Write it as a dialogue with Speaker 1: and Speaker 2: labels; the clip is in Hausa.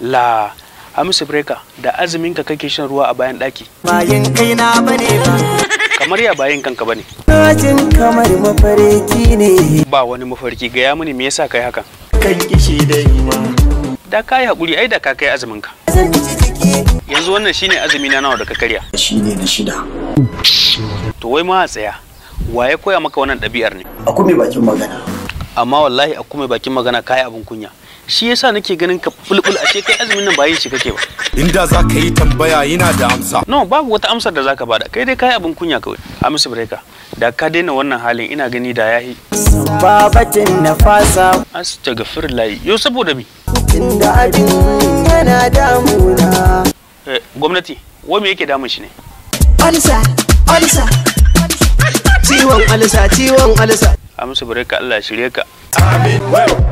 Speaker 1: la hamisu breka da azumin ka kake shan ruwa a bayan daki bayan kaina bane ba kamar ya bayan kanka bane jin kamar mafarki ne ba wani mafarki gaya mini me yasa kai hakan kan kishi da yunwa da kai hakuri ai da ka kai azumin ka yanzu wannan shine azumi na nawa da ka karya shine na shida to wai ma tsaya waye koya maka wannan dabi'ar ne akwai mai bakin magana amma wallahi akwai mai bakin magana kai abun kunya shi yasa nake ganin ka bulbul a kai azumin nan ba yin shi kake ba inda za ka yi tambaya yana da amsa no babu wata amsar da za ka bada kai dai kai abin kunya kawai hamisu breka da ka daina wannan halin ina gani da yahi babatin na fasa astaghfir layi yo saboda mi inda abin
Speaker 2: yana damuna
Speaker 1: eh, gwamnati wai me yake damun shi ne
Speaker 2: alisa alisa ciwon alisa ciwon alisa
Speaker 3: hamisu breka Allah shirye ka
Speaker 2: amin